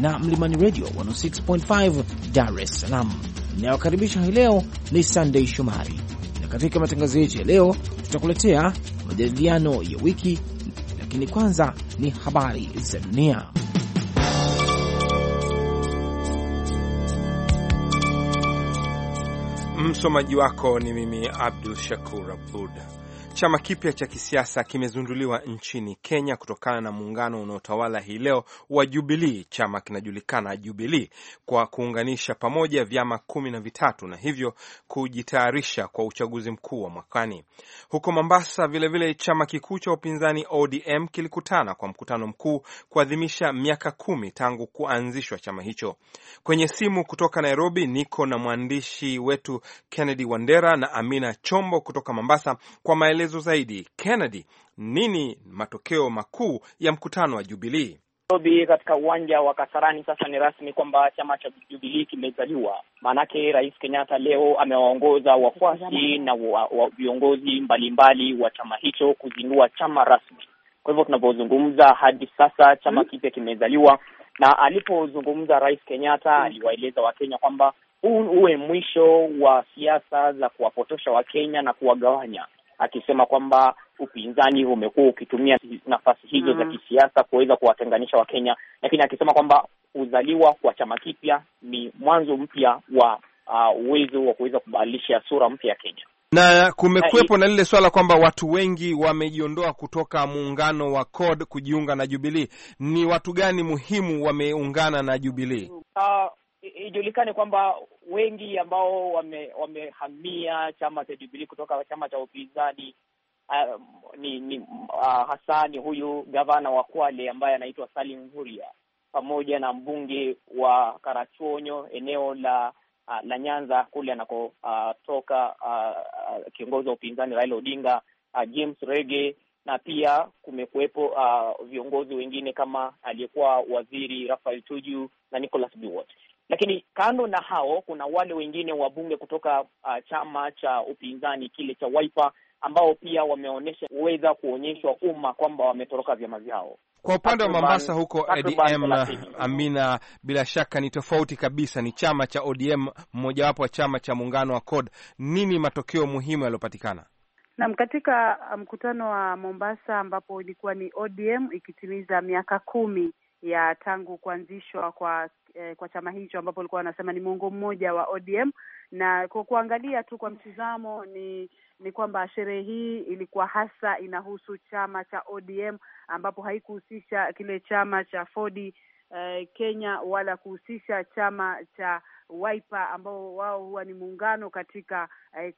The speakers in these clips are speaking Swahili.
na Mlimani Radio 106.5 Dar es Salaam. Inayokaribisha hii leo ni Sunday Shomari, na katika matangazo yetu ya leo tutakuletea majadiliano ya wiki, lakini kwanza ni habari za dunia. Msomaji wako ni mimi Abdul Shakur Abud. Chama kipya cha kisiasa kimezinduliwa nchini Kenya kutokana na muungano unaotawala hii leo wa Jubilii. Chama kinajulikana Jubilii kwa kuunganisha pamoja vyama kumi na vitatu na hivyo kujitayarisha kwa uchaguzi mkuu wa mwakani. Huko Mombasa vilevile vile, chama kikuu cha upinzani ODM kilikutana kwa mkutano mkuu kuadhimisha miaka kumi tangu kuanzishwa chama hicho. Kwenye simu kutoka Nairobi niko na mwandishi wetu Kennedy Wandera na Amina Chombo kutoka Mombasa kwa maelezo maelezo zaidi. Kennedy, nini matokeo makuu ya mkutano wa Jubilii? Nairobi katika uwanja wa Kasarani. Sasa ni rasmi kwamba chama cha Jubilii kimezaliwa, maanake Rais Kenyatta leo amewaongoza wafuasi na wa, wa viongozi mbalimbali wa chama hicho kuzindua chama rasmi. Kwa hivyo tunavyozungumza hadi sasa chama hmm, kipya kimezaliwa, na alipozungumza Rais Kenyatta hmm, aliwaeleza Wakenya kwamba huu uwe mwisho wa siasa za kuwapotosha Wakenya na kuwagawanya akisema kwamba upinzani umekuwa ukitumia nafasi hizo mm, za kisiasa kuweza kuwatenganisha Wakenya, lakini akisema kwamba kuzaliwa kwa chama kipya ni mwanzo mpya wa uh, uwezo uh, wa kuweza kubadilisha sura mpya ya Kenya na kumekuwepo na lile swala kwamba watu wengi wamejiondoa kutoka muungano wa CORD kujiunga na Jubilee. Ni watu gani muhimu wameungana na Jubilee? Uh, ijulikane kwamba wengi ambao wamehamia wame chama cha Jubilee kutoka chama cha upinzani uh, ni, ni uh, hasa ni huyu gavana wa Kwale ambaye anaitwa Salim Vuria pamoja na mbunge wa Karachuonyo eneo la uh, la Nyanza kule anakotoka uh, uh, uh, kiongozi wa upinzani Raila Odinga, uh, James Rege na pia kumekuwepo uh, viongozi wengine kama aliyekuwa waziri Rafael Tuju na Nicholas Biwott. Lakini kando na hao, kuna wale wengine wabunge kutoka uh, chama cha upinzani kile cha Wiper ambao pia wameonyesha uweza kuonyeshwa umma kwamba wametoroka vyama vyao. Kwa upande wa Mombasa huko ADM, Amina, bila shaka ni tofauti kabisa, ni chama cha ODM, mmojawapo wa chama cha muungano wa CORD. Nini matokeo muhimu yaliyopatikana? Naam, katika uh, mkutano wa Mombasa ambapo ilikuwa ni ODM ikitimiza miaka kumi ya tangu kuanzishwa kwa eh, kwa chama hicho ambapo walikuwa wanasema ni muongo mmoja wa ODM, na kwa kuangalia tu kwa mtizamo ni ni kwamba sherehe hii ilikuwa hasa inahusu chama cha ODM ambapo haikuhusisha kile chama cha Ford eh, Kenya wala kuhusisha chama cha Wiper ambao wao huwa ni muungano katika eh,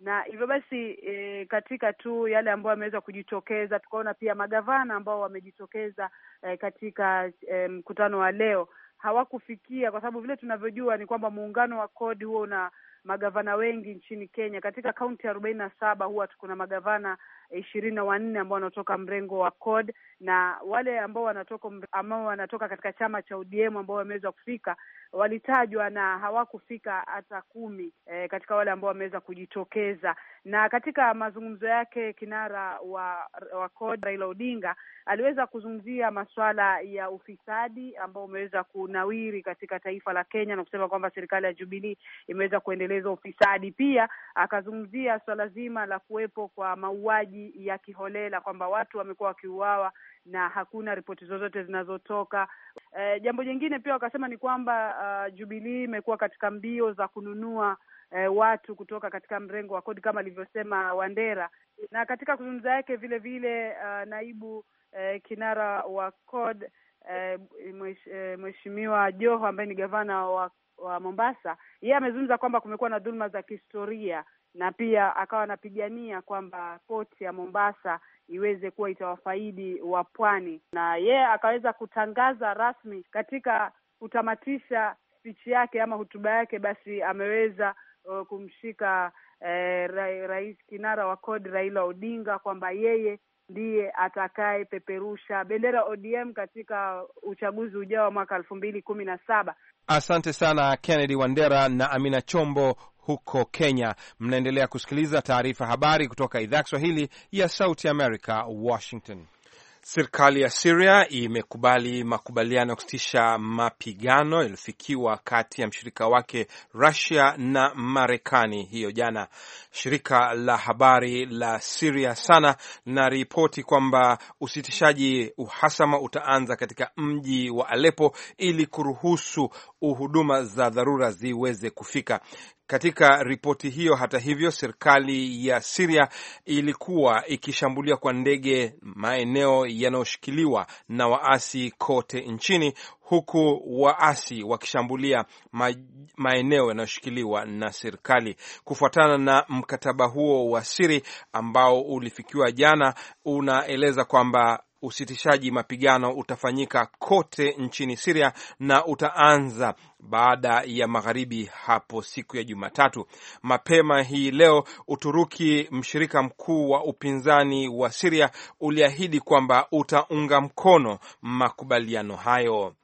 na hivyo basi e, katika tu yale ambayo yameweza kujitokeza, tukaona pia magavana ambao wamejitokeza e, katika e, mkutano wa leo hawakufikia, kwa sababu vile tunavyojua ni kwamba muungano wa kodi huo una magavana wengi nchini Kenya. Katika kaunti arobaini na saba huwa kuna magavana ishirini na wanne ambao wanatoka mrengo wa CORD na wale ambao wanatoka ambao wanatoka katika chama cha ODM ambao wameweza kufika walitajwa na hawakufika hata kumi e, katika wale ambao wameweza kujitokeza. Na katika mazungumzo yake kinara wa wa CORD Raila Odinga aliweza kuzungumzia masuala ya ufisadi ambao umeweza kunawiri katika taifa la Kenya na kusema kwamba serikali ya Jubilee imeweza kuendeleza ufisadi. Pia akazungumzia swala zima la kuwepo kwa mauaji ya kiholela, kwamba watu wamekuwa wakiuawa na hakuna ripoti zozote zinazotoka. E, jambo jingine pia wakasema ni kwamba uh, Jubilee imekuwa katika mbio za kununua E, watu kutoka katika mrengo wa kodi kama alivyosema Wandera, na katika kuzungumza yake vile vile uh, naibu eh, kinara wa kod eh, mheshimiwa eh, Joho ambaye ni gavana wa, wa Mombasa, yeye amezungumza kwamba kumekuwa na dhuluma za kihistoria na pia akawa anapigania kwamba koti ya Mombasa iweze kuwa itawafaidi wa pwani, na yeye akaweza kutangaza rasmi katika kutamatisha spichi yake ama hotuba yake, basi ameweza uh, kumshika uh, eh, ra rais kinara wa kodi Raila Odinga kwamba yeye ndiye atakayepeperusha bendera ODM katika uchaguzi ujao wa mwaka elfu mbili kumi na saba. Asante sana Kennedy Wandera na Amina Chombo huko Kenya. Mnaendelea kusikiliza taarifa habari kutoka idhaa Kiswahili ya Sauti America, Washington. Serikali ya Siria imekubali makubaliano ya kusitisha mapigano yaliyofikiwa kati ya mshirika wake Rusia na Marekani hiyo jana. Shirika la habari la Siria Sana linaripoti kwamba usitishaji uhasama utaanza katika mji wa Alepo ili kuruhusu huduma za dharura ziweze kufika. Katika ripoti hiyo, hata hivyo, serikali ya Siria ilikuwa ikishambulia kwa ndege maeneo yanayoshikiliwa na waasi kote nchini, huku waasi wakishambulia maeneo yanayoshikiliwa na serikali. Kufuatana na mkataba huo wa siri ambao ulifikiwa jana, unaeleza kwamba usitishaji mapigano utafanyika kote nchini Siria na utaanza baada ya magharibi hapo siku ya Jumatatu. Mapema hii leo, Uturuki, mshirika mkuu wa upinzani wa Siria, uliahidi kwamba utaunga mkono makubaliano hayo.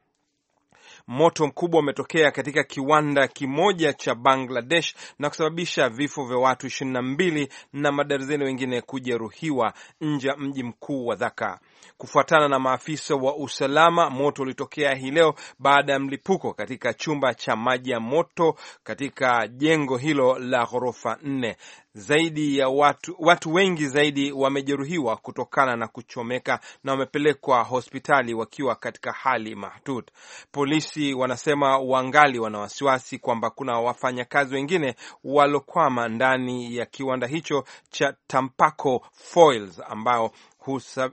Moto mkubwa umetokea katika kiwanda kimoja cha Bangladesh na kusababisha vifo vya watu ishirini na mbili na madarzeni wengine kujeruhiwa nje ya mji mkuu wa Dhaka. Kufuatana na maafisa wa usalama, moto ulitokea hii leo baada ya mlipuko katika chumba cha maji ya moto katika jengo hilo la ghorofa nne zaidi ya watu, watu wengi zaidi wamejeruhiwa kutokana na kuchomeka na wamepelekwa hospitali wakiwa katika hali mahututi. Polisi wanasema wangali wana wasiwasi kwamba kuna wafanyakazi wengine walokwama ndani ya kiwanda hicho cha Tampaco Foils ambao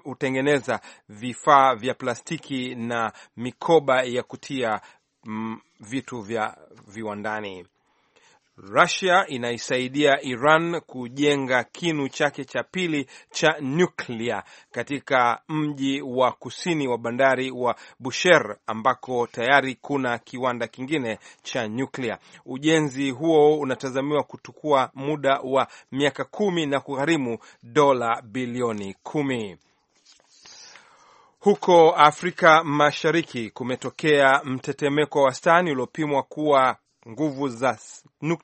hutengeneza vifaa vya plastiki na mikoba ya kutia mm, vitu vya viwandani. Rusia inaisaidia Iran kujenga kinu chake cha pili cha nyuklia katika mji wa kusini wa bandari wa Bushehr ambako tayari kuna kiwanda kingine cha nyuklia. Ujenzi huo unatazamiwa kuchukua muda wa miaka kumi na kugharimu dola bilioni kumi. Huko Afrika Mashariki kumetokea mtetemeko wa wastani uliopimwa kuwa nguvu za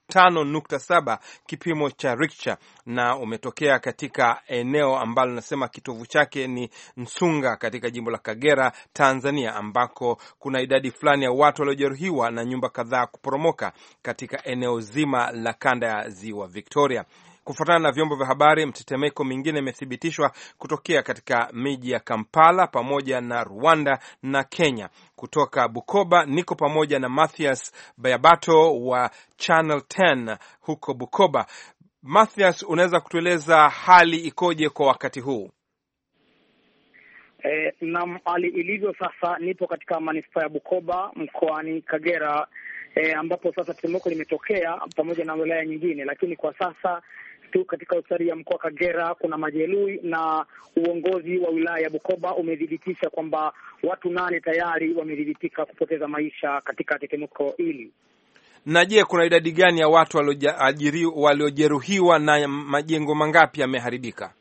tano nukta saba kipimo cha Richter na umetokea katika eneo ambalo nasema kitovu chake ni Nsunga katika jimbo la Kagera, Tanzania, ambako kuna idadi fulani ya watu waliojeruhiwa na nyumba kadhaa kuporomoka katika eneo zima la kanda ya ziwa Victoria. Kufuatana na vyombo vya habari, mtetemeko mingine imethibitishwa kutokea katika miji ya Kampala pamoja na Rwanda na Kenya. Kutoka Bukoba niko pamoja na Mathias Bayabato wa Channel 10 huko Bukoba. Mathias, unaweza kutueleza hali ikoje kwa wakati huu? E, eh, na hali ilivyo sasa, nipo katika manispaa ya Bukoba mkoani Kagera, e, ambapo sasa tetemeko limetokea pamoja na wilaya nyingine, lakini kwa sasa tu katika hospitali ya mkoa wa Kagera kuna majeruhi, na uongozi wa wilaya ya Bukoba umethibitisha kwamba watu nane tayari wamethibitika kupoteza maisha katika tetemeko hili. Na je, kuna idadi gani ya watu waliojeruhiwa na majengo mangapi yameharibika?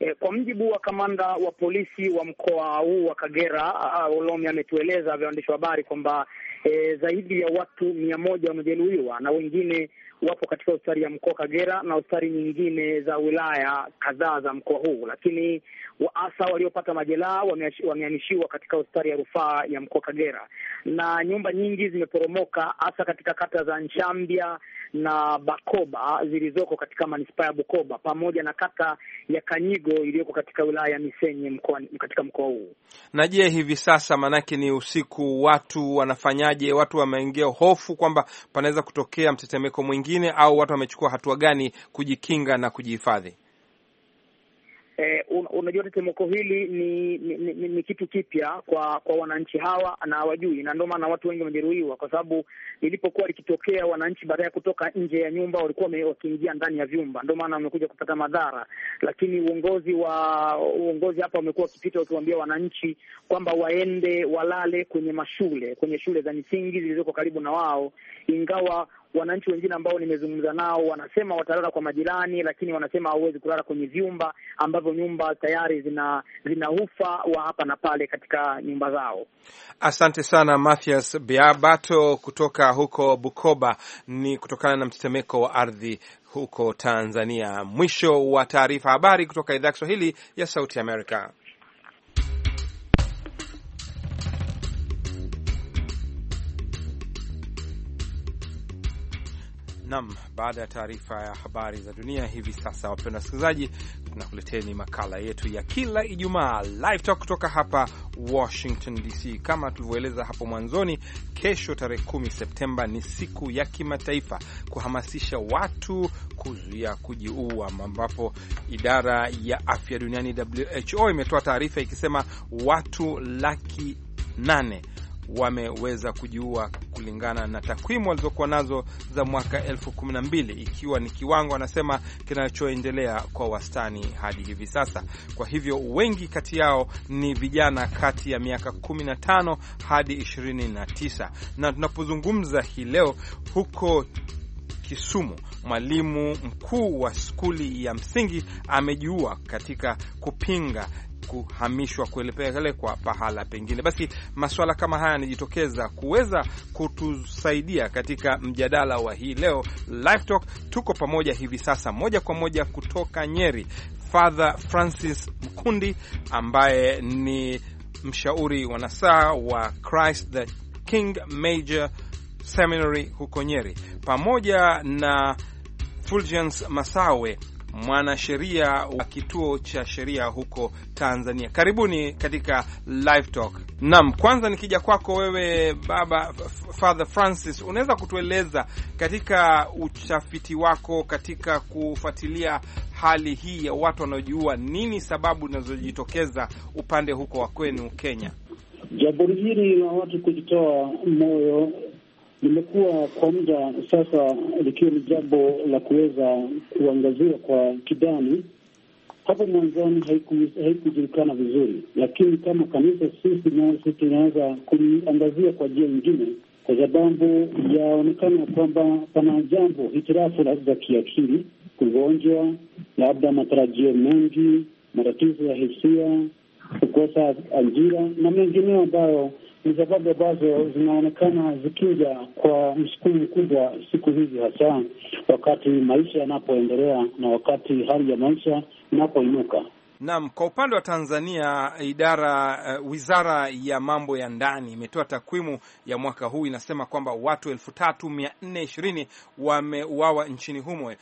E, kwa mjibu wa kamanda wa polisi wa mkoa huu wa Kagera, Olomi ametueleza vya waandishi wa habari kwamba e, zaidi ya watu mia moja wamejeruhiwa na wengine wapo katika hospitali ya mkoa Kagera na hospitali nyingine za wilaya kadhaa za mkoa huu, lakini waasa waliopata majeraha wamehamishiwa katika hospitali ya rufaa ya mkoa Kagera, na nyumba nyingi zimeporomoka hasa katika kata za Nshambya na Bakoba zilizoko katika manispaa ya Bukoba pamoja na kata ya Kanyigo iliyoko katika wilaya ya Misenyi mkoa, katika mkoa huu. Na je, hivi sasa maanake ni usiku, watu wanafanyaje? Watu wameingia hofu kwamba panaweza kutokea mtetemeko mwingine, au watu wamechukua hatua gani kujikinga na kujihifadhi? eh, un, unajua tetemeko hili ni ni, ni ni kitu kipya kwa kwa wananchi hawa na hawajui, na ndio maana watu wengi wamejeruhiwa, kwa sababu lilipokuwa likitokea, wananchi baada ya kutoka nje ya nyumba walikuwa wakiingia ndani ya vyumba, ndio maana wamekuja kupata madhara. Lakini uongozi wa uongozi hapa wamekuwa wakipita wakiwaambia wananchi kwamba waende walale kwenye mashule, kwenye shule za misingi zilizoko karibu na wao, ingawa wananchi wengine ambao nimezungumza nao wanasema watalala kwa majirani, lakini wanasema hauwezi kulala kwenye vyumba ambavyo nyumba tayari zina zina wa hapa na pale katika nyumba zao. Asante sana Mathias Biabato kutoka huko Bukoba. Ni kutokana na mtetemeko wa ardhi huko Tanzania. Mwisho wa taarifa habari kutoka idhaa ya Kiswahili ya Sauti Amerika. Nam, baada ya taarifa ya habari za dunia hivi sasa, wapenda wasikilizaji, tunakuleteni makala yetu ya kila Ijumaa Live Talk kutoka hapa Washington DC. Kama tulivyoeleza hapo mwanzoni, kesho tarehe kumi Septemba ni siku ya kimataifa kuhamasisha watu kuzuia kujiua, ambapo idara ya afya duniani WHO imetoa taarifa ikisema watu laki nane wameweza kujiua kulingana na takwimu walizokuwa nazo za mwaka elfu kumi na mbili ikiwa ni kiwango anasema kinachoendelea kwa wastani hadi hivi sasa. Kwa hivyo wengi kati yao ni vijana kati ya miaka 15 hadi 29, na tunapozungumza hii leo huko Kisumu, mwalimu mkuu wa skuli ya msingi amejiua katika kupinga kuhamishwa kuelepelekwa pahala pengine. Basi masuala kama haya yanajitokeza kuweza kutusaidia katika mjadala wa hii leo Live Talk. Tuko pamoja hivi sasa moja kwa moja kutoka Nyeri, Father Francis Mkundi ambaye ni mshauri wa nasaa wa Christ the King Major Seminary huko Nyeri, pamoja na Fulgence Masawe mwanasheria wa kituo cha sheria huko Tanzania. Karibuni katika Live Talk. Naam, kwanza nikija kwako wewe baba Father Francis, unaweza kutueleza katika utafiti wako katika kufuatilia hali hii ya watu wanaojiua, nini sababu zinazojitokeza upande huko wa kwenu Kenya? Jambo hili la watu kujitoa moyo limekuwa kwa muda sasa likiwa ni jambo la kuweza kuangaziwa kwa kidani. Hapo mwanzoni haikujulikana haiku vizuri, lakini kama kanisa sisi nasi tunaweza kuliangazia kwa njia nyingine, kwa sababu yaonekana kwamba pana jambo hitirafu za kiakili, kugonjwa, labda matarajio mengi, matatizo ya hisia, kukosa ajira na mengineo ambayo ni sababu ambazo zinaonekana zikija kwa msukumu mkubwa siku hizi, hasa wakati maisha yanapoendelea na wakati hali ya maisha inapoinuka. Naam, kwa upande wa Tanzania idara uh, wizara ya mambo ya ndani imetoa takwimu ya mwaka huu inasema kwamba watu elfu tatu mia nne ishirini wameuawa nchini humo,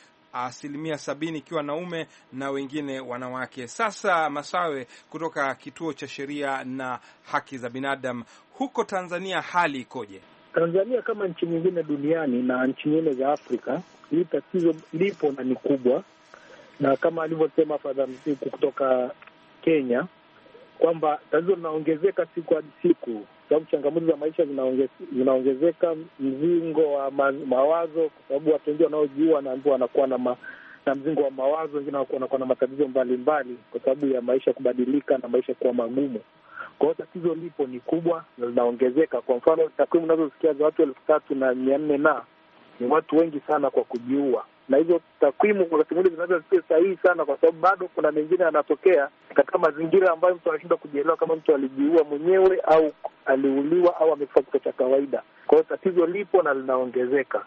asilimia sabini ikiwa wanaume na wengine wanawake. Sasa Masawe kutoka kituo cha sheria na haki za binadamu huko Tanzania, hali ikoje? Tanzania kama nchi nyingine duniani na nchi nyingine za Afrika, hili tatizo lipo na ni kubwa, na kama alivyosema Fadha Msiku kutoka Kenya kwamba tatizo linaongezeka siku hadi siku sababu changamoto za maisha zinaongezeka, mzingo wa ma, mawazo, kwa sababu watu wengi wanaojiua wanaambiwa wanakuwa na ma, na mzingo wa mawazo, wengine wanakuwa na matatizo mbalimbali kwa sababu ya maisha kubadilika na maisha kuwa magumu. Kwa hiyo tatizo lipo, ni kubwa na linaongezeka. Kwa mfano takwimu unazosikia za watu elfu tatu na mia nne na ni watu wengi sana kwa kujiua na hivyo takwimu wakati mwingine zinaweza zisiwe sahihi sana, kwa sababu bado kuna mengine yanatokea katika mazingira ambayo mtu anashindwa kujielewa kama mtu alijiua mwenyewe au aliuliwa au amekufa kifo cha kawaida. Kwa hiyo tatizo lipo na linaongezeka.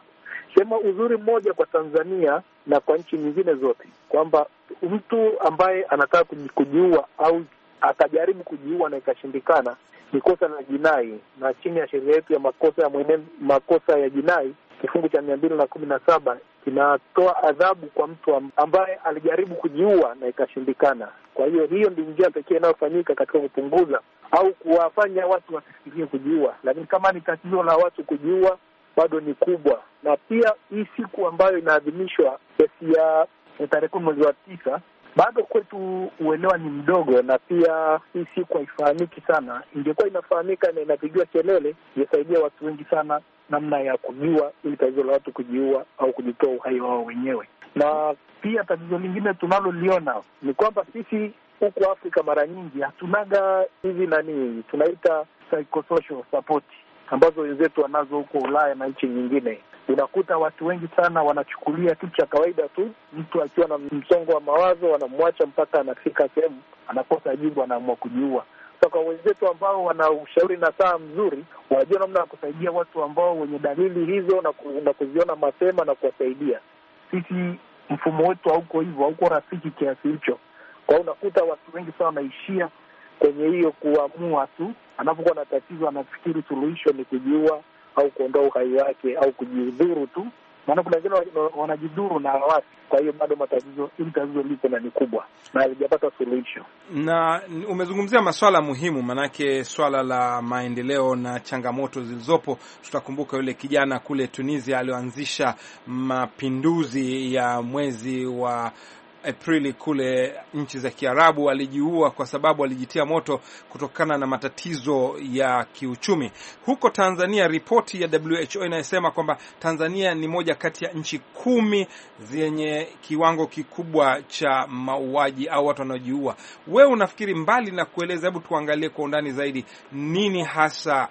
Sema uzuri mmoja kwa Tanzania na kwa nchi nyingine zote kwamba mtu ambaye anataka kujiua au akajaribu kujiua na ikashindikana ni kosa la jinai, na chini ya sheria yetu ya makosa ya mwenendo, makosa ya jinai kifungu cha mia mbili na kumi na saba inatoa adhabu kwa mtu ambaye alijaribu kujiua na ikashindikana. Kwa hiyo hiyo ndio njia pekee inayofanyika katika kupunguza au kuwafanya watu wasifikirie kujiua, lakini kama ni tatizo la watu kujiua bado ni kubwa. Na pia hii siku ambayo inaadhimishwa kesi ya eh, tarehe kumi mwezi wa tisa bado kwetu uelewa ni mdogo, na pia hii siku haifahamiki sana. Ingekuwa inafahamika na inapigiwa kelele, ingesaidia watu wengi sana namna ya kujua ili tatizo la watu kujiua au kujitoa uhai wao wenyewe. Na pia tatizo lingine tunaloliona ni kwamba sisi huku Afrika mara nyingi hatunaga hizi nani tunaita psychosocial support ambazo wenzetu wanazo huko Ulaya na nchi nyingine unakuta watu wengi sana wanachukulia kitu cha kawaida tu. Mtu akiwa na msongo wa mawazo wanamwacha mpaka anafika sehemu anakosa jibu, anaamua kujiua. So kwa wenzetu ambao wana ushauri na saa mzuri, wanajua namna ya kusaidia watu ambao wenye dalili hizo na, ku, na kuziona mapema na kuwasaidia. Sisi mfumo wetu hauko hivyo, hauko rafiki kiasi hicho. Kwa hiyo unakuta watu wengi sana wanaishia kwenye hiyo kuamua tu, anapokuwa na tatizo anafikiri suluhisho ni kujiua au kuondoa uhai wake au kujiudhuru tu, maana kuna wengine wanajidhuru na hawasi. Kwa hiyo bado matatizo, hili tatizo liko na ni kubwa na halijapata suluhisho. Na umezungumzia maswala muhimu, maanake swala la maendeleo na changamoto zilizopo. Tutakumbuka yule kijana kule Tunisia alioanzisha mapinduzi ya mwezi wa Aprili kule nchi za Kiarabu alijiua kwa sababu alijitia moto kutokana na matatizo ya kiuchumi. Huko Tanzania, ripoti ya WHO inayosema kwamba Tanzania ni moja kati ya nchi kumi zenye kiwango kikubwa cha mauaji au watu wanaojiua. Wewe unafikiri mbali na kueleza, hebu tuangalie kwa undani zaidi, nini hasa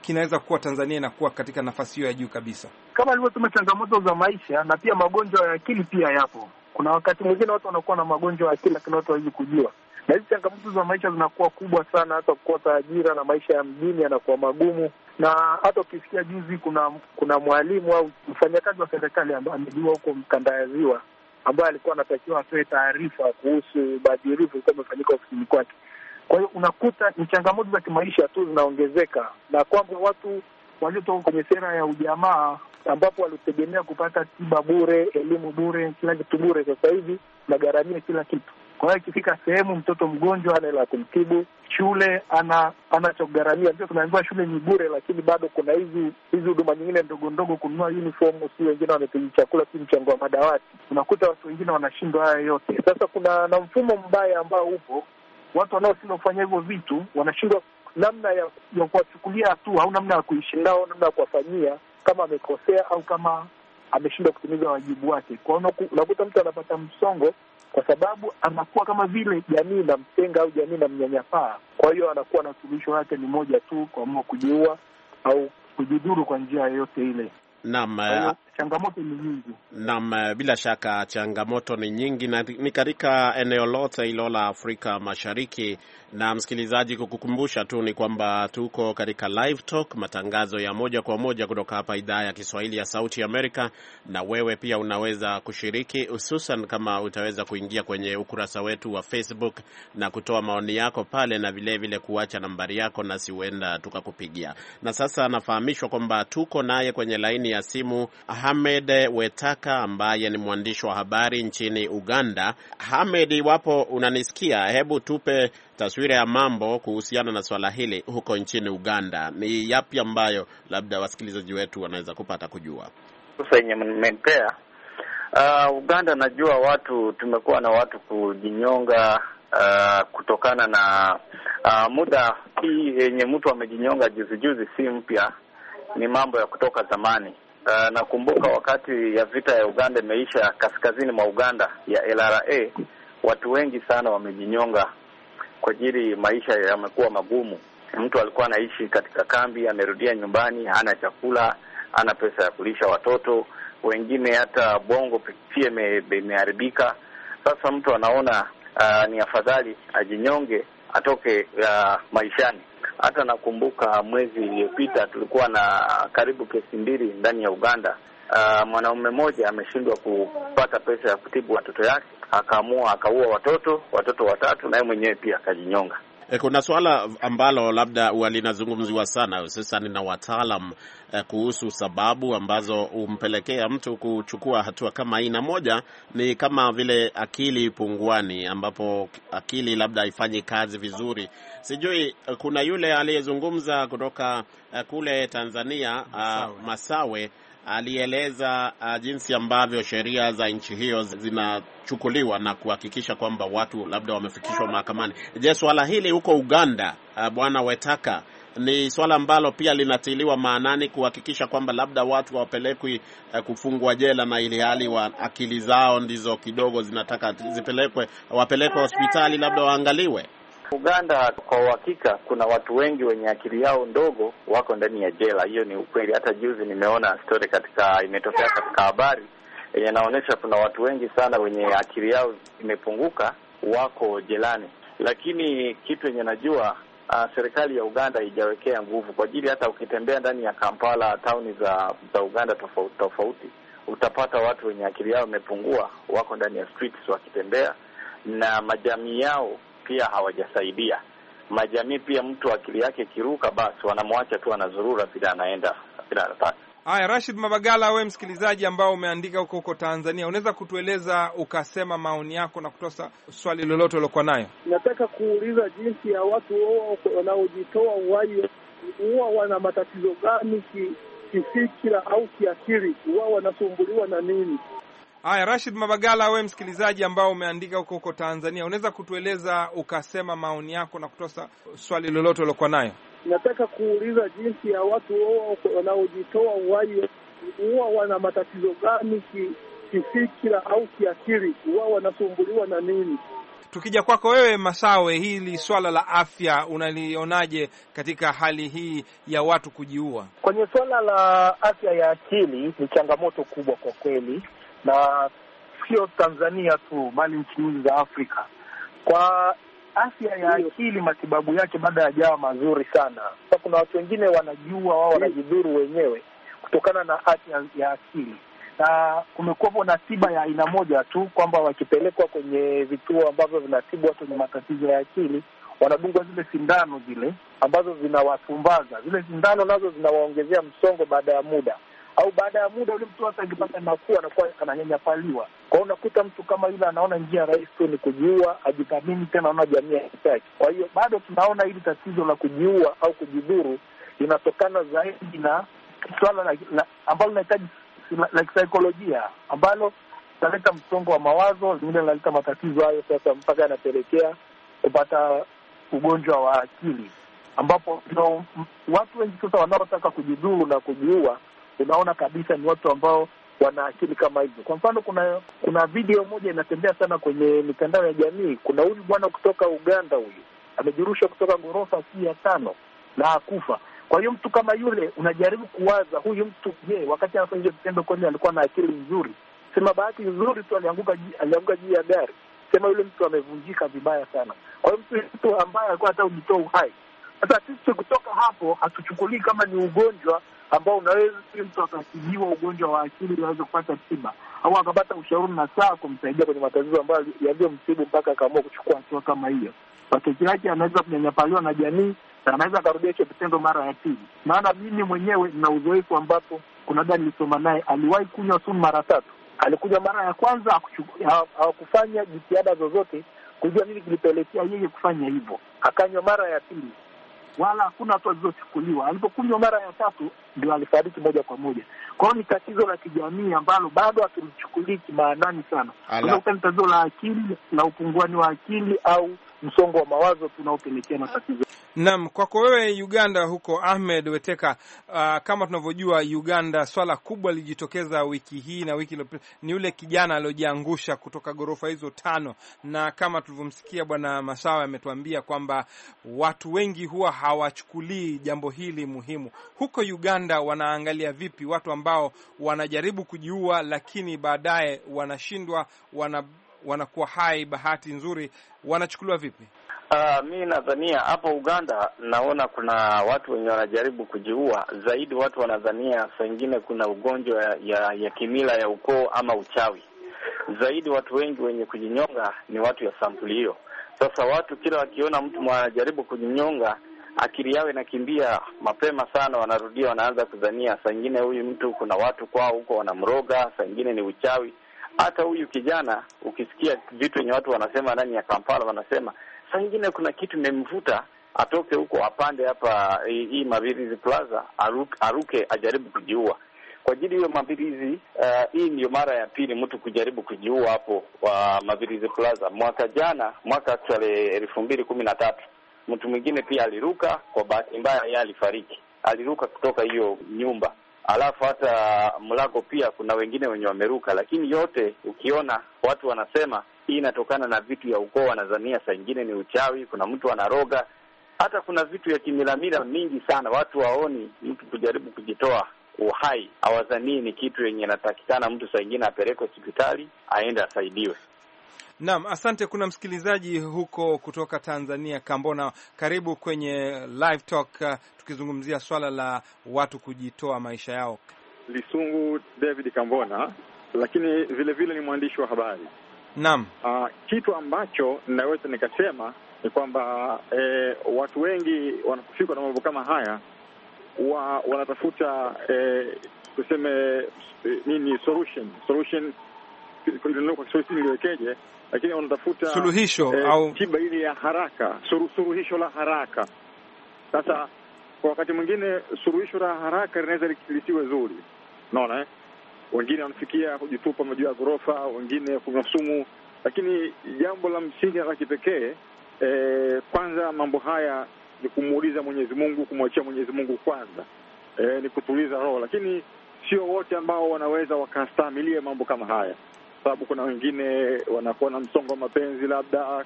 kinaweza kuwa Tanzania inakuwa katika nafasi hiyo ya juu kabisa? Kama alivyosema, changamoto za maisha na pia magonjwa ya akili pia yapo kuna wakati mwingine watu wanakuwa na magonjwa ya akili, lakini watu hawezi kujua, na hizi changamoto za maisha zinakuwa kubwa sana, hata kukosa ajira na maisha ya mjini yanakuwa magumu. Na hata ukisikia juzi, kuna kuna mwalimu au mfanyakazi wa serikali ambaye amejua huko Mkanda ya Ziwa, ambaye alikuwa anatakiwa atoe taarifa kuhusu ubadhirifu ulikuwa imefanyika ofisini kwake. Kwa hiyo unakuta ni changamoto za kimaisha tu zinaongezeka, na kwamba watu waliotoka kwenye sera ya ujamaa ambapo walitegemea kupata tiba bure, elimu bure, kila kitu bure. Sasa hivi nagharamia kila kitu. Kwa hiyo ikifika sehemu mtoto mgonjwa ana hela ya kumtibu, shule ana ana Ndio tunaambiwa shule ni bure, lakini bado kuna hizi hizi huduma nyingine ndogo ndogo, kununua uniform, si wengine wanapigi chakula, si mchango wa madawati. Unakuta watu wengine wanashindwa haya yote. Sasa kuna na mfumo mbaya ambao upo, watu wanaoshindwa kufanya hivyo vitu wanashindwa namna ya, ya kuwachukulia hatua au namna ya kuishi nao, namna ya kuwafanyia kama amekosea au kama ameshindwa kutimiza wajibu wake. Kwa hiyo unakuta mtu anapata msongo kwa sababu anakuwa kama vile jamii inamtenga au jamii inamnyanyapaa. Kwa hiyo anakuwa na suluhisho yake ni moja tu, kuamua kujiua au kujidhuru kwa njia yoyote ile. Naam, changamoto ni nyingi. Naam, eh, bila shaka changamoto ni nyingi na ni katika eneo lote hilo la Afrika Mashariki. Na msikilizaji, kukukumbusha tu ni kwamba tuko katika live talk, matangazo ya moja kwa moja kutoka hapa idhaa ya Kiswahili ya Sauti Amerika, na wewe pia unaweza kushiriki, hususan kama utaweza kuingia kwenye ukurasa wetu wa Facebook na kutoa maoni yako pale, na vilevile vile kuacha nambari yako, nasi huenda tukakupigia. Na sasa anafahamishwa kwamba tuko naye kwenye laini ya simu. Hamed Wetaka ambaye ni mwandishi wa habari nchini Uganda. Hamed, iwapo unanisikia, hebu tupe taswira ya mambo kuhusiana na swala hili huko nchini Uganda. Ni yapi ambayo labda wasikilizaji wetu wanaweza kupata kujua? Sasa yenye mempea uh, Uganda, najua watu tumekuwa na watu kujinyonga Uh, kutokana na uh, muda hii yenye mtu amejinyonga juzi juzi si mpya, ni mambo ya kutoka zamani. Uh, nakumbuka wakati ya vita ya Uganda imeisha, kaskazini mwa Uganda ya LRA, watu wengi sana wamejinyonga kwa ajili maisha yamekuwa magumu. Mtu alikuwa anaishi katika kambi, amerudia nyumbani, hana chakula, hana pesa ya kulisha watoto, wengine hata bongo pia imeharibika. Sasa mtu anaona uh, ni afadhali ajinyonge atoke uh, maishani hata nakumbuka mwezi iliyopita tulikuwa na karibu kesi mbili ndani ya Uganda. Uh, mwanaume mmoja ameshindwa kupata pesa ya kutibu watoto yake, akaamua akaua watoto watoto watatu, naye mwenyewe pia akajinyonga. E, kuna suala ambalo labda linazungumziwa sana hususani na wataalam e, kuhusu sababu ambazo humpelekea mtu kuchukua hatua kama hii, na moja ni kama vile akili pungwani ambapo akili labda haifanyi kazi vizuri Sijui eh, kuna yule aliyezungumza kutoka eh, kule Tanzania eh, Masawe, uh, Masawe alieleza uh, jinsi ambavyo sheria za nchi hiyo zinachukuliwa na kuhakikisha kwamba watu labda wamefikishwa mahakamani. Je, swala hili huko Uganda, uh, bwana Wetaka, ni swala ambalo pia linatiliwa maanani kuhakikisha kwamba labda watu hawapelekwi uh, kufungwa jela na ili hali wa akili zao ndizo kidogo zinataka zipelekwe, wapelekwe hospitali labda waangaliwe. Uganda kwa uhakika kuna watu wengi wenye akili yao ndogo wako ndani ya jela, hiyo ni ukweli. Hata juzi nimeona story katika imetokea katika habari yenye inaonyesha kuna watu wengi sana wenye akili yao imepunguka wako jelani, lakini kitu yenye najua Uh, serikali ya Uganda haijawekea nguvu kwa ajili. Hata ukitembea ndani ya Kampala, tauni za za Uganda tofauti tofauti, utapata watu wenye akili yao imepungua wako ndani ya streets wakitembea, na majamii yao pia hawajasaidia majamii. Pia mtu akili yake kiruka basi wanamwacha tu anazurura bila anaenda bila anataka. Haya, Rashid Mabagala, we msikilizaji ambao umeandika huko huko Tanzania, unaweza kutueleza ukasema maoni yako na kutosa swali lolote uliokuwa nayo. Nataka kuuliza jinsi ya watu wanaojitoa uhai huwa wana matatizo gani kifikira au kiakili? Huwa wanasumbuliwa na nini? Haya, Rashid Mabagala, we msikilizaji ambao umeandika huko huko Tanzania, unaweza kutueleza ukasema maoni yako na kutosa swali lolote uliokuwa nayo. Nataka kuuliza jinsi ya watu wanaojitoa uhai huwa wana matatizo gani kifikira au kiakili? Huwa wanasumbuliwa na nini? Tukija kwako wewe Masawe, hili swala la afya unalionaje katika hali hii ya watu kujiua? Kwenye swala la afya ya akili ni changamoto kubwa kwa kweli, na sio Tanzania tu, bali nchi nyingi za Afrika. Kwa afya ya akili, matibabu yake bado hayajawa mazuri sana. Sasa kuna watu wengine wanajua wao wanajidhuru wenyewe kutokana na afya ya akili, na kumekuwapo na tiba ya aina moja tu kwamba wakipelekwa kwenye vituo ambavyo vinatibu watu wenye matatizo ya akili wanadungwa zile sindano zile ambazo zinawapumbaza. Zile sindano nazo zinawaongezea msongo baada ya muda au baada ya muda ule mtu hata akipata nafuu anakuwa ananyanyapaliwa. Kwa hiyo unakuta mtu kama yule anaona njia rahisi tu ni kujiua, ajidhamini tena, anaona jamii haitaki. Kwa hiyo bado tunaona hili tatizo la kujiua au kujidhuru linatokana zaidi na swala la, la, ambalo linahitaji la kisaikolojia ambalo linaleta msongo wa mawazo, lingine linaleta matatizo hayo sasa mpaka yanapelekea kupata ugonjwa wa akili ambapo ndio watu wengi sasa wanaotaka kujidhuru na kujiua unaona kabisa ni watu ambao wana akili kama hivyo. Kwa mfano, kuna kuna video moja inatembea sana kwenye mitandao ya jamii. Kuna huyu bwana kutoka Uganda, huyu amejirusha kutoka ghorofa si ya tano na akufa Kwa hiyo mtu kama yule unajaribu kuwaza huyu mtu, je, wakati anafanya hiyo vitendo kweli alikuwa na akili nzuri? Sema bahati nzuri tu alianguka, alianguka juu ya gari. Sema yule mtu amevunjika vibaya sana. Kwa hiyo mtu, mtu ambaye alikuwa hata ujitoa uhai. Sasa sisi kutoka hapo hatuchukulii kama ni ugonjwa ambao unaweza mtu akatibiwa ugonjwa wa akili aweze kupata tiba au akapata ushauri na saa kumsaidia kwenye matatizo ambayo yaliyomsibu mpaka akaamua kuchukua hatua kama hiyo. Matokeo yake anaweza kunyanyapaliwa na jamii na anaweza akarudia hicho kitendo mara ya pili. Maana mimi mwenyewe nina uzoefu ambapo kuna dada nilisoma naye aliwahi kunywa sumu mara tatu. Alikuja mara ya kwanza hawakufanya jitihada zozote kujua nini kilipelekea yeye kufanya hivyo, akanywa mara ya pili wala hakuna hatua zilizochukuliwa. Alipokunywa mara ya tatu ndio alifariki moja kwa moja. Kwa hiyo ni tatizo la kijamii ambalo bado hatulichukulii kimaanani sana. ni tatizo la akili, la upunguani wa akili au msongo wa mawazo tunaopelekea matatizo. Naam, kwako wewe Uganda huko, Ahmed Weteka. Uh, kama tunavyojua Uganda, swala kubwa lilijitokeza wiki hii na wiki iliyopita ni yule kijana aliyojiangusha kutoka ghorofa hizo tano, na kama tulivyomsikia Bwana Masawa ametuambia kwamba watu wengi huwa hawachukulii jambo hili muhimu. Huko Uganda wanaangalia vipi watu ambao wanajaribu kujiua, lakini baadaye wanashindwa wana wanakuwa hai, bahati nzuri, wanachukuliwa vipi? Uh, mi nadhania hapa Uganda naona kuna watu wenye wanajaribu kujiua zaidi. Watu wanadhania saa ingine kuna ugonjwa ya, ya, ya kimila ya ukoo ama uchawi zaidi. Watu wengi wenye kujinyonga ni watu ya sampuli hiyo. Sasa watu kila wakiona mtu wanajaribu kujinyonga akili yao inakimbia mapema sana, wanarudia wanaanza kudhania saa ingine huyu mtu kuna watu kwao huko wanamroga, saa ingine ni uchawi. Hata huyu kijana ukisikia vitu wenye watu wanasema ndani ya Kampala, wanasema saa nyingine kuna kitu imemvuta atoke huko apande hapa eh, hii Mabirizi Plaza, aruke, aruke ajaribu kujiua kwa ajili hiyo Mabirizi. Uh, eh, hii ndio mara ya pili mtu kujaribu kujiua hapo wa Mabirizi Plaza. Mwaka jana, mwaka actually elfu mbili kumi na tatu mtu mwingine pia aliruka, kwa bahati mbaya yeye alifariki, aliruka kutoka hiyo nyumba alafu hata mlago pia kuna wengine wenye wameruka, lakini yote ukiona watu wanasema hii inatokana na vitu ya ukoo, wanazania saa ingine ni uchawi, kuna mtu anaroga, hata kuna vitu ya kimilamila mingi sana. Watu waoni mtu kujaribu kujitoa uhai, awazanii ni kitu yenye inatakikana mtu saa ingine apelekwe hospitali aende asaidiwe. Naam, asante. Kuna msikilizaji huko kutoka Tanzania, Kambona, karibu kwenye Live Talk, uh, tukizungumzia swala la watu kujitoa maisha yao. Lisungu David Kambona, lakini vile vile ni mwandishi wa habari. Naam. Uh, kitu ambacho ninaweza nikasema ni kwamba eh, watu wengi wanapofikwa na mambo kama haya wa, wanatafuta eh, tuseme eh, nini solution solution kwa Kiswahili niliwekeje, lakini wanatafuta suluhisho eh, au tiba ile ya haraka suru, suluhisho la haraka. Sasa kwa wakati mwingine suluhisho la haraka linaweza lisiwe zuri, unaona eh? Wengine wanafikia kujitupa majuu ya ghorofa, wengine kunywa sumu, lakini jambo la msingi la kipekee eh, kwanza mambo haya ni kumuuliza Mwenyezi Mungu, kumwachia Mwenyezi Mungu kwanza, eh, ni kutuliza roho, lakini sio wote ambao wanaweza wakastamilie mambo kama haya sababu kuna wengine wanakuwa na msongo wa mapenzi labda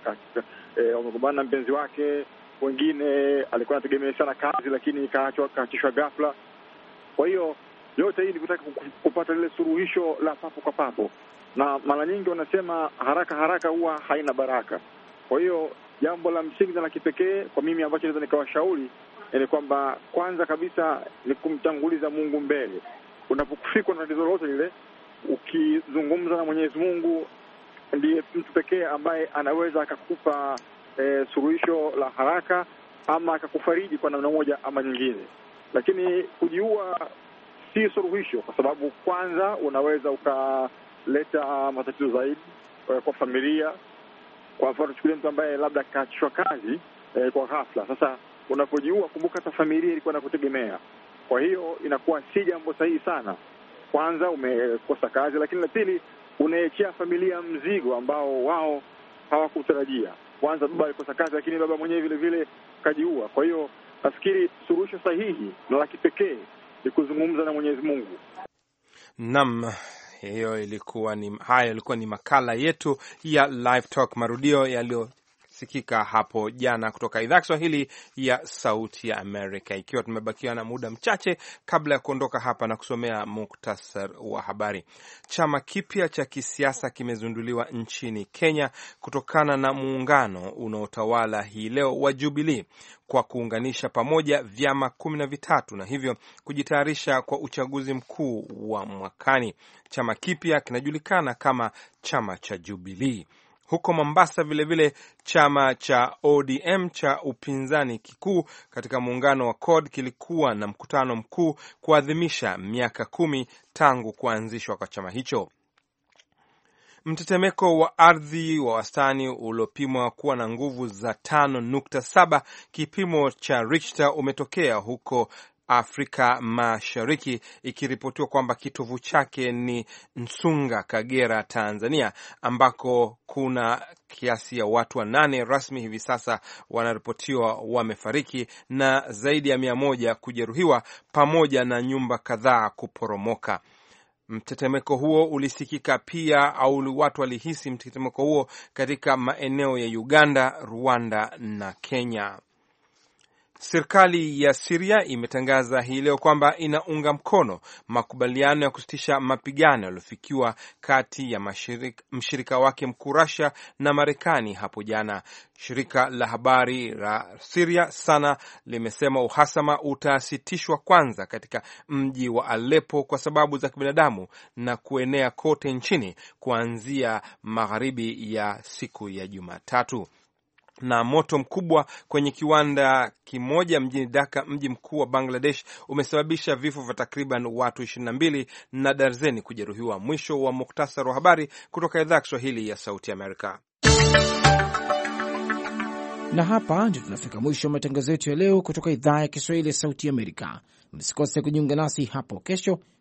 eh, wamegombana e, na mpenzi wake. Wengine alikuwa anategemea sana kazi, lakini kaachishwa ghafla. Kwa hiyo yote hii ni kutaka kupata lile suluhisho la papo kwa papo, na mara nyingi wanasema haraka haraka huwa haina baraka. Kwa hiyo jambo la msingi na la kipekee kwa mimi ambacho naweza nikawashauri ni kwamba kwanza kabisa ni kumtanguliza Mungu mbele. Unapofikwa na tatizo lolote lile, ukizungumza na Mwenyezi Mungu ndiye mtu pekee ambaye anaweza akakupa e, suluhisho la haraka ama akakufariji kwa namna moja ama nyingine, lakini kujiua si suluhisho, kwa sababu kwanza unaweza ukaleta ah, matatizo zaidi eh, kwa familia. Kwa mfano, tuchukulie mtu ambaye labda kaachishwa kazi e, kwa ghafla. Sasa unapojiua, kumbuka hata familia ilikuwa inakutegemea, kwa hiyo inakuwa si jambo sahihi sana kwanza umekosa kazi, lakini la pili unaechea familia mzigo ambao wao hawakutarajia. Kwanza baba alikosa kazi, lakini baba mwenyewe vile vile kajiua. Kwa hiyo nafikiri suluhisho sahihi na la kipekee ni kuzungumza na Mwenyezi Mungu. Naam. Hiyo ilikuwa ni, haya ilikuwa ni makala yetu ya Live Talk, marudio yaliyo sikika hapo jana kutoka idhaa Kiswahili ya Sauti ya Amerika. Ikiwa tumebakiwa na muda mchache kabla ya kuondoka hapa na kusomea muktasar wa habari, chama kipya cha kisiasa kimezunduliwa nchini Kenya kutokana na muungano unaotawala hii leo wa Jubilii kwa kuunganisha pamoja vyama kumi na vitatu na hivyo kujitayarisha kwa uchaguzi mkuu wa mwakani. Chama kipya kinajulikana kama chama cha Jubilii. Huko Mombasa vilevile vile, chama cha ODM cha upinzani kikuu katika muungano wa CORD kilikuwa na mkutano mkuu kuadhimisha miaka kumi tangu kuanzishwa kwa chama hicho. Mtetemeko wa ardhi wa wastani uliopimwa kuwa na nguvu za 5.7 kipimo cha Richter umetokea huko Afrika Mashariki, ikiripotiwa kwamba kitovu chake ni Nsunga, Kagera, Tanzania, ambako kuna kiasi ya watu wanane rasmi hivi sasa wanaripotiwa wamefariki na zaidi ya mia moja kujeruhiwa pamoja na nyumba kadhaa kuporomoka. Mtetemeko huo ulisikika pia au watu walihisi mtetemeko huo katika maeneo ya Uganda, Rwanda na Kenya. Serikali ya Siria imetangaza hii leo kwamba inaunga mkono makubaliano ya kusitisha mapigano yaliyofikiwa kati ya mashirika, mshirika wake mkuu Rasia na Marekani hapo jana. Shirika la habari la Siria Sana limesema uhasama utasitishwa kwanza katika mji wa alepo kwa sababu za kibinadamu na kuenea kote nchini kuanzia magharibi ya siku ya Jumatatu na moto mkubwa kwenye kiwanda kimoja mjini Dhaka, mji mkuu wa Bangladesh, umesababisha vifo vya takriban watu 22 na darzeni kujeruhiwa. Mwisho wa muktasari wa habari kutoka idhaa ya Kiswahili ya Sauti Amerika. Na hapa ndio tunafika mwisho wa matangazo yetu ya leo kutoka idhaa ya Kiswahili ya Sauti Amerika. Msikose kujiunga nasi hapo kesho